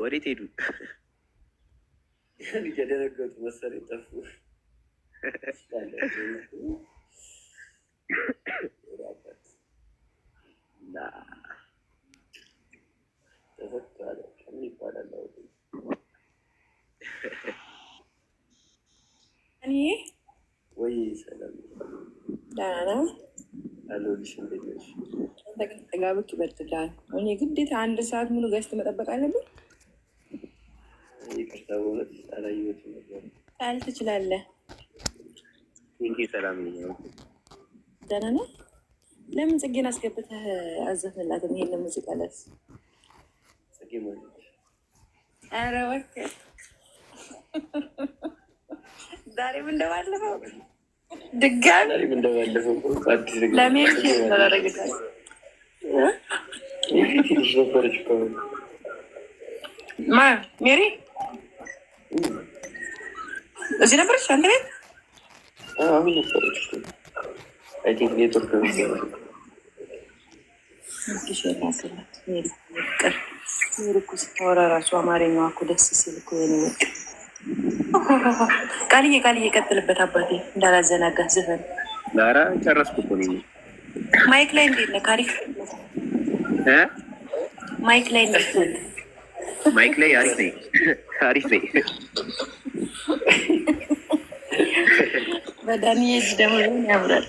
ወዴት ሄዱ? የደነገጡ መሰለኝ ጠፉ። እኔ ወይ ሰላም ደህና ነው። ጠጋብክ ይበድላል። እኔ ግዴታ አንድ ሰዓት ሙሉ ገስት መጠበቅ አለብን። ቃል ትችላለህ። ደህና ነህ? ለምን ጽጌን አስገብተህ አዘፈላትም? ይሄን ሙዚቃ ለስ ኧረ ወክ ዛሬም እንደባለፈው ድጋሚ ለሜሪ ተደረግታል። ሜሪ እዚህ ነበረች አንድ ቤት ስታወራ እራሱ አማርኛዋ እኮ ደስ ሲል እኮ የኔ ወቅ ቃልዬ ቃልዬ ቀጥልበት አባቴ እንዳላዘናጋ ዝፈን ዳራ ጨረስኩ እኮ ነው። ማይክ ላይ እንዴት ነህ? አሪፍ ማይክ ላይ እንዴት ነህ? ማይክ ላይ አሪፍ ነኝ፣ አሪፍ ነኝ። በዳኒ እጅ ደግሞ ያምራል።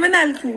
ምን አልኩኝ?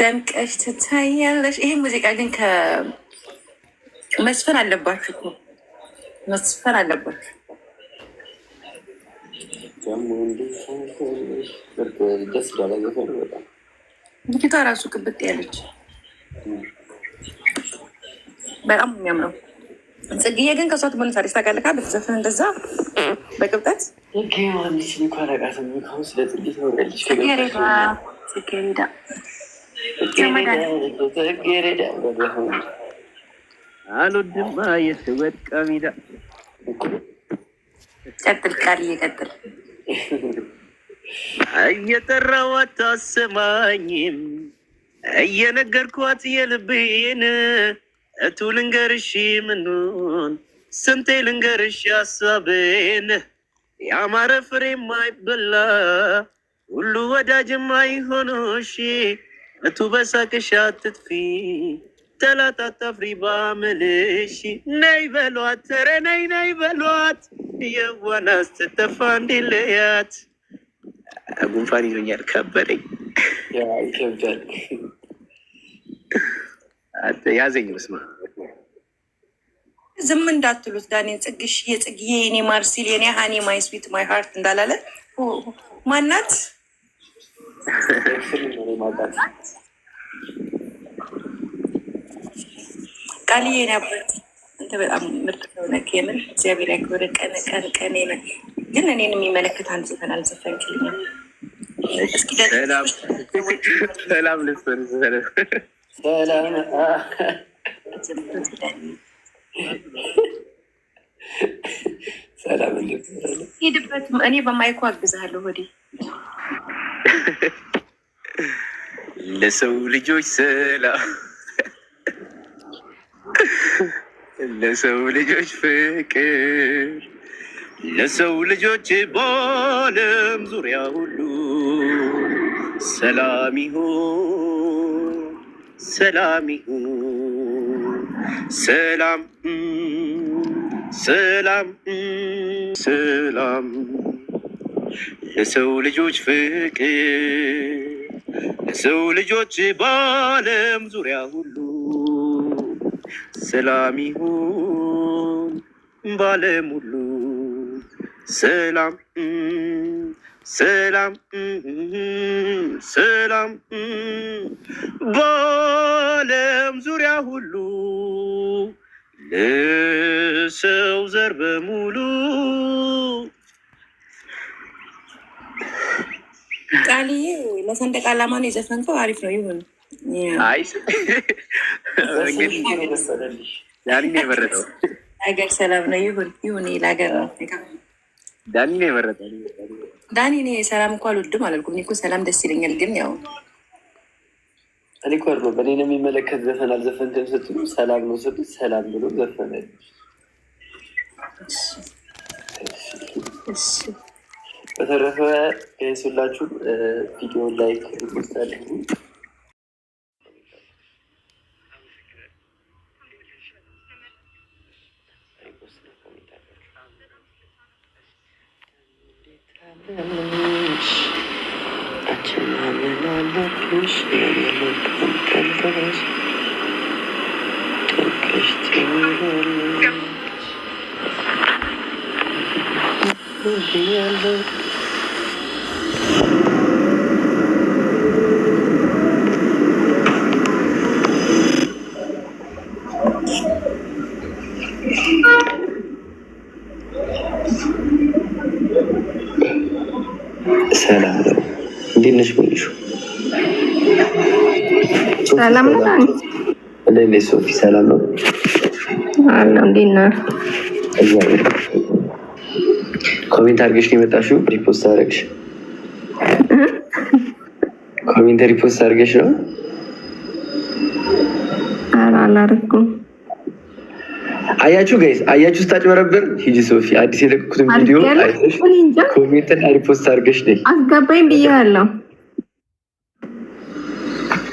ደምቀሽ ትታያለሽ። ይሄ ሙዚቃ ግን ከመስፈን አለባችሁ እኮ መስፈን አለባችሁ። ልጅቷ ራሱ ቅብጥ ያለች በጣም የሚያምረው ጽጌዬ ግን ከሷት ትሞነታለች። ታውቃለህ ብትዘፍን እንደዛ በቅብጠት ጽጌ ሬዳ አልወድም የስወድ ቀሚዳ ቀጥል ቃል እየቀጥል እየጠራዋት ታሰማኝም እየነገርኳት የልብን እቱ ልንገርሽ ምኑን ስንቴ ልንገርሽ ሀሳቤን ያማረ ፍሬ ማይበላ ሁሉ ወዳጅ ማይሆኖሽ እቱ በሳቅሽ አትጥፊ ጠላት አታፍሪ ባመልሽ ነይ በሏት ኧረ ነይ ነይ በሏት የዋና ስትተፋ እንዲለያት። ጉንፋን ይዞኛል ከበደኝ ያዘኝ። በስመ ዝም እንዳትሉት ዳኔን ጽግሽ የጽግዬ የኔ ማርሲል የኔ ሃኒ ማይ ስዊት ማይ ሃርት እንዳላለ ማናት ቃልዬ ነበር። አንተ በጣም ምርጥ ከሆነክ የምር እግዚአብሔር ያክብር። ቀን ቀን ቀን ግን እኔን የሚመለከት አንድ ዘፈን አልዘፈንክልኝም። ሰላም ሄድበት እኔ በማይኩ አግዛለሁ ወዲህ ለሰው ልጆች ሰላም፣ ለሰው ልጆች ፍቅር፣ ለሰው ልጆች በዓለም ዙሪያ ሁሉ ሰላም ይሁን፣ ሰላም ይሁን፣ ሰላም ሰላም ሰላም የሰው ልጆች ፍቅር የሰው ልጆች በዓለም ዙሪያ ሁሉ ሰላም ይሁን በዓለም ሁሉ ሰላም ሰላም ሰላም በዓለም ዙሪያ ሁሉ ለሰው ዘር በሙሉ አልዬ ለሰንደቅ ዓላማ ነው የዘፈንከው። አሪፍ ነው ይሁን። ዳኒ የመረጠው ሀገር ሰላም ነው ይሁን ይሁን። ለሀገር ዳኒ ነው የመረጠው። ዳኒ እኔ ሰላም እኮ አልወድም አላልኩም። እኔ እኮ ሰላም ደስ ይለኛል፣ ግን ያው እኔ እኮ አይደለም ነው የሚመለከት ዘፈን አልዘፈንክም ስትሉ ሰላም ነው ስ ሰላም ብሎ ዘፈነ። እሺ እሺ በተረፈ ሁላችሁ ቪዲዮ ላይክ ይመስላል። ሽ ሽ ሰላም ነው። እንዴት ነሽ? ሰላም ነው። ሶፊ? ሰላም ነው አለ። እንዴት ነህ? ኮሜንት አድርገሽ ነው የመጣሽው? ሪፖስት አድርገሽ ኮሜንት ሪፖስት አድርገሽ ነው? ኧረ አላደረኩም። አያችሁ ጋይስ፣ አያችሁ ስታጭበረብር። ሂጂ ሶፊ፣ አዲስ የለቀኩትን ቪዲዮ ኮሜንትን ሪፖስት አድርገሽ ነይ። አስገባኝ ብያለሁ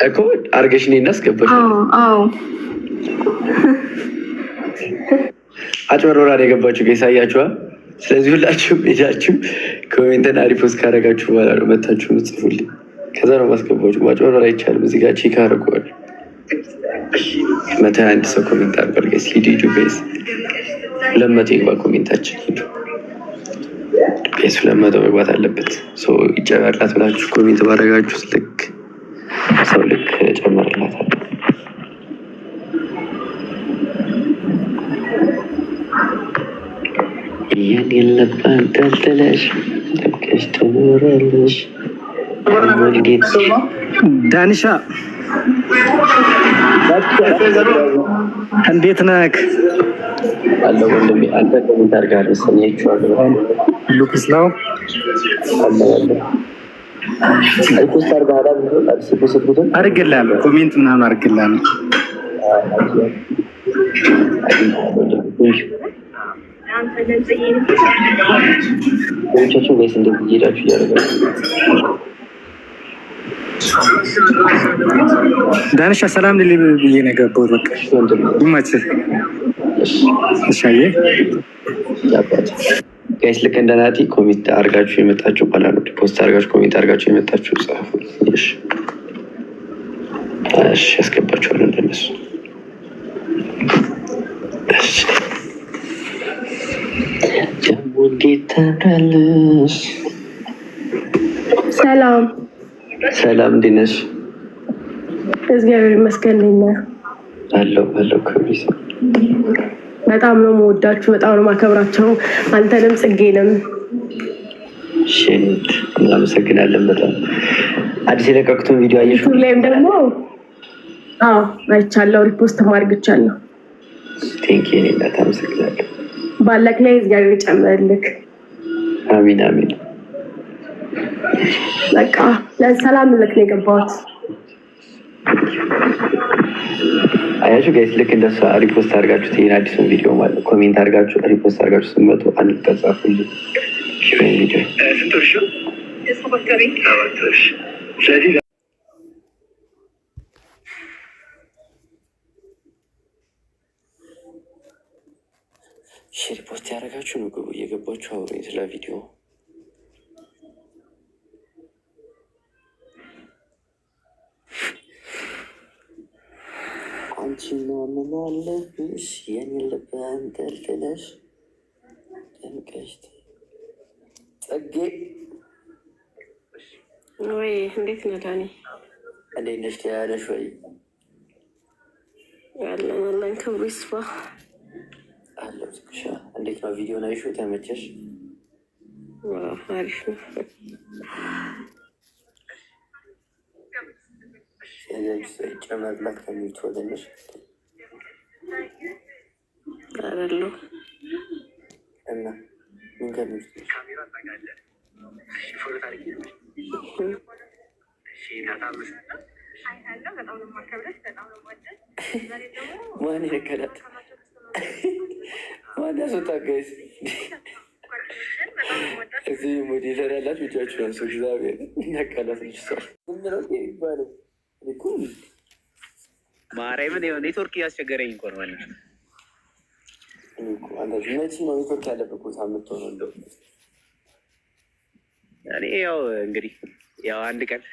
እኮ አድርገሽ ነይ እና አስገባሽ። አጭበርበራ ነው የገባችሁ ጋይስ፣ አያችኋል ስለዚህ ሁላችሁም ሄዳችሁ ኮሜንትን አሪፎስ ካረጋችሁ በኋላ ነው መታችሁ ምጽፉልኝ። ከዛ ነው ማስገባችሁ። ማጭበርበር አይቻልም። እዚህ ጋር ቼክ አድርገዋል። አንድ ሰው ኮሜንት አርጓል። ጋይስ ሂዱ ሂዱ ጋይስ፣ ይግባ ኮሜንታችን። ሂዱ ጋይስ፣ መግባት አለበት። ሰው ይጨመርላት ብላችሁ ኮሜንት ባረጋችሁ ልክ ሰው ልክ ጨመርላት የኔን የለባን አንጠልጥለሽ ልቀሽ ትኖራለሽ። ዳንሻ እንዴት ነህ? አለ ወንድሜ። አንተ ከምን ታርጋለህ? ሰሚያችኋለሁ። ሉክስ ነው አድርግልሀለሁ። ኮሜንት ምናምን አድርግልሀለሁ። ቻቸው ጋይስ እንዴት እየሄዳችሁ እያደረጋችሁ ዳንሻ ሰላም ልል ብዬ ነገር የገባሁት። በቃ ይመችህ። እሻየ ጋይስ ልክ እንደ ናቲ ኮሚት አርጋችሁ የመጣችሁ ባላሉ ፖስት አርጋችሁ ኮሚት አርጋችሁ የመጣችሁ ጻፉ። እሺ ያስገባችኋል እንደነሱ ሰላም ሰላም፣ እንዴት ነሽ? እግዚአብሔር ይመስገን አለው አለው። በጣም ነው የምወዳችሁ፣ በጣም ነው የማከብራቸው። አንተንም ጽጌንም ሽንት እናመሰግናለን። በጣም አዲስ የለቀቅቱን ቪዲዮ አየሽ? ላይም ደግሞ አይቻለው፣ ሪፖስት ማድረግ ይቻለሁ። ቴንኪ በጣም አመሰግናለሁ። ባለክ ላይ እግዚአብሔር ይጨምርልክ። አሚን አሚን። በቃ ለሰላም ልክ ነው የገባሁት። አያችሁ ጋይስ፣ ልክ እንደሷ ሪፖስት አድርጋችሁ ይህን አዲሱን ቪዲዮ ማለት ኮሜንት አድርጋችሁ ሪፖስት አድርጋችሁ ስትመጡ አንድ ተጻፉል ቪዲዮ ሼር ፖስት ያደረጋችሁ ነው ግቡ፣ እየገባችሁ አውሩኝ ስለ ቪዲዮ አንቺ ናምናለብሽ የኔ ልብ አንጠልጥለሽ ደምቀሽ ጸጌ ወይ እንዴት ነህ ዳኒ? እንዴት ነሽ? ደህና ነሽ ወይ? ያለን ያለን ክብሩ ይስፋ። እንዴት ነው ቪዲዮ ላይ ሹት ያመቸሽ? አሪፍ ነው። ጨመርላት ከሚትወደነሽ አለው እና ምንገሚ ማን ይነገራት ዋና ሰው ታጋይስ እዚህ ያላት ብቻችሁ ነው። ሰው እግዚአብሔር ያቃላት ልጅ ሰው ይባለው ማርያምን ኔትወርክ እያስቸገረኝ እኮ ነው። ነው ኔትወርክ ያለበት ቦታ እኔ ያው እንግዲህ ያው አንድ ቀን